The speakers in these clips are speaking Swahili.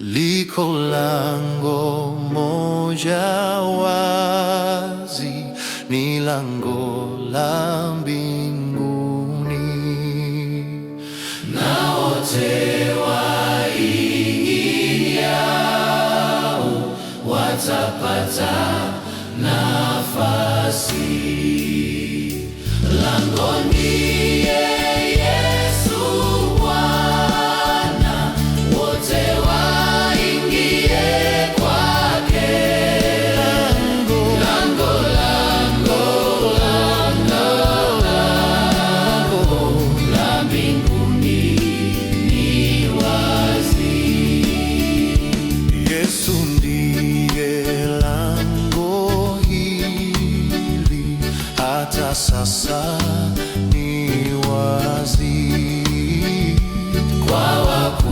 Liko lango moja wazi, ni lango la mbinguni, na wote waingiliao watapata nafasi langoni. hata sasa ni wazi kwa wako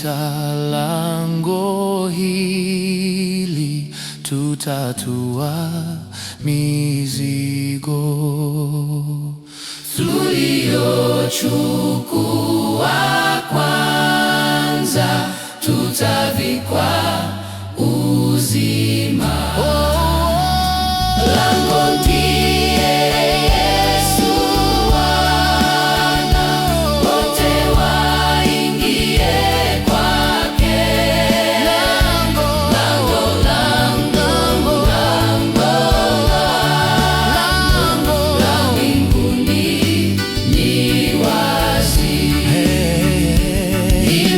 kupita lango hili, tutatua mizigo tuliyochukua kwanza, tutavikwa uzima oh, oh, oh.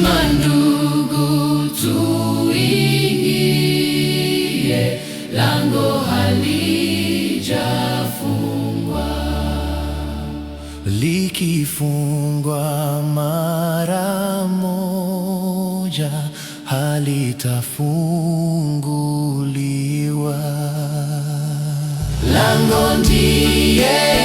Uzima ndugu, tuingie, lango halijafungwa. Likifungwa mara moja, halitafunguliwa. Lango ndiye